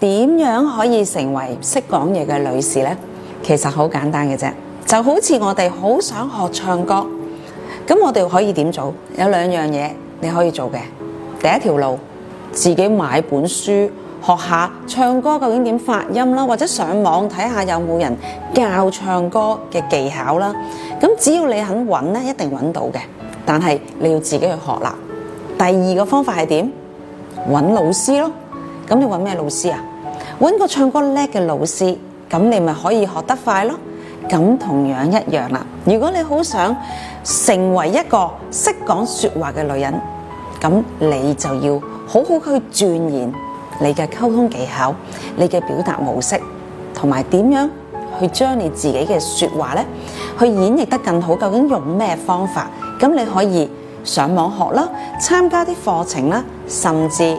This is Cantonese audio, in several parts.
點樣可以成為識講嘢嘅女士呢？其實好簡單嘅啫，就好似我哋好想學唱歌，咁我哋可以點做？有兩樣嘢你可以做嘅。第一條路，自己買本書學下唱歌究竟點發音啦，或者上網睇下有冇人教唱歌嘅技巧啦。咁只要你肯揾呢，一定揾到嘅。但係你要自己去學啦。第二個方法係點？揾老師咯。咁你揾咩老師啊？揾個唱歌叻嘅老師，咁你咪可以學得快咯。咁同樣一樣啦。如果你好想成為一個識講說話嘅女人，咁你就要好好去鑽研你嘅溝通技巧、你嘅表達模式，同埋點樣去將你自己嘅說話呢去演繹得更好。究竟用咩方法？咁你可以上網學啦，參加啲課程啦，甚至。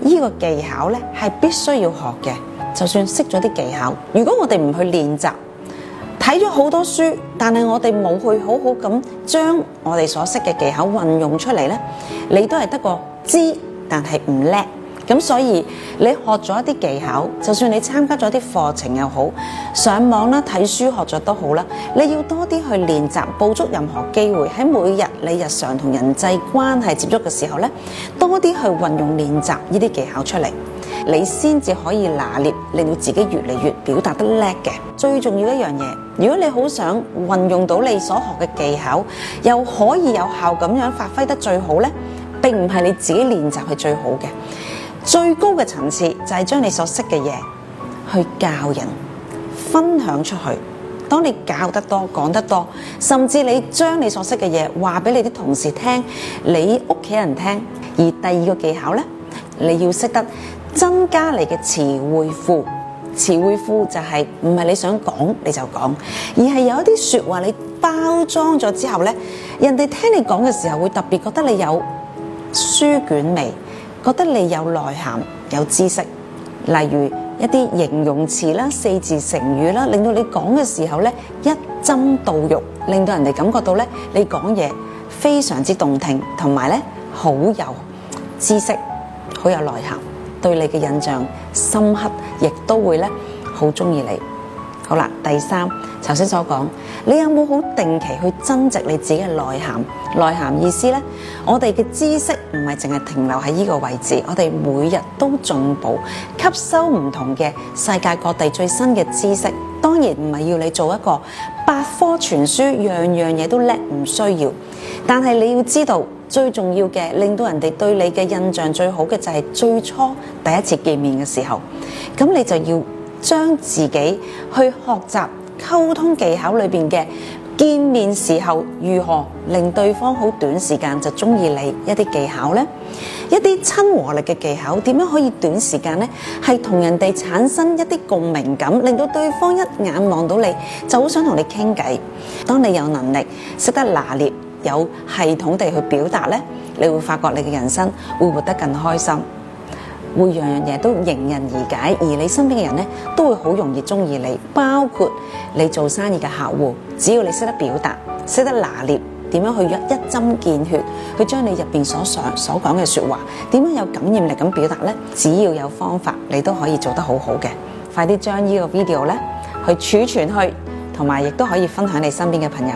呢個技巧咧係必須要學嘅，就算識咗啲技巧，如果我哋唔去練習，睇咗好多書，但係我哋冇去好好咁將我哋所識嘅技巧運用出嚟咧，你都係得個知，但係唔叻。咁所以你學咗一啲技巧，就算你參加咗啲課程又好，上網啦，睇書學咗都好啦，你要多啲去練習，捕捉任何機會喺每日你日常同人際關係接觸嘅時候呢，多啲去運用練習呢啲技巧出嚟，你先至可以拿捏令到自己越嚟越表達得叻嘅。最重要一樣嘢，如果你好想運用到你所學嘅技巧，又可以有效咁樣發揮得最好呢，並唔係你自己練習係最好嘅。最高嘅層次就係將你所識嘅嘢去教人分享出去。當你教得多、講得多，甚至你將你所識嘅嘢話俾你啲同事聽、你屋企人聽。而第二個技巧呢，你要識得增加你嘅詞彙庫。詞彙庫就係唔係你想講你就講，而係有一啲說話你包裝咗之後呢，人哋聽你講嘅時候會特別覺得你有書卷味。覺得你有內涵、有知識，例如一啲形容詞啦、四字成語啦，令到你講嘅時候呢一針到肉，令到人哋感覺到呢你講嘢非常之動聽，同埋呢好有知識、好有內涵，對你嘅印象深刻，亦都會呢好中意你。好啦，第三，頭先所講，你有冇好定期去增值你自己嘅內涵？內涵意思呢，我哋嘅知識唔係淨係停留喺呢個位置，我哋每日都進步，吸收唔同嘅世界各地最新嘅知識。當然唔係要你做一個百科全書，樣樣嘢都叻，唔需要。但係你要知道，最重要嘅令到人哋對你嘅印象最好嘅就係最初第一次見面嘅時候，咁你就要，將自己去學習溝通技巧裏邊嘅，見面時候如何令對方好短時間就中意，你一啲技巧呢，一啲親和力嘅技巧點樣可以短時間呢係同人哋產生一啲共鳴感，令到對方一眼望到你就好想同你傾偈。當你有能力識得拿捏，有系統地去表達呢，你會發覺你嘅人生會活得更開心。會樣樣嘢都迎刃而解，而你身邊嘅人呢，都會好容易中意你，包括你做生意嘅客戶。只要你識得表達，識得拿捏，點樣去一,一針見血，去將你入邊所想所講嘅說話，點樣有感染力咁表達呢？只要有方法，你都可以做得好好嘅。快啲將呢個 video 呢，去儲存去，同埋亦都可以分享你身邊嘅朋友。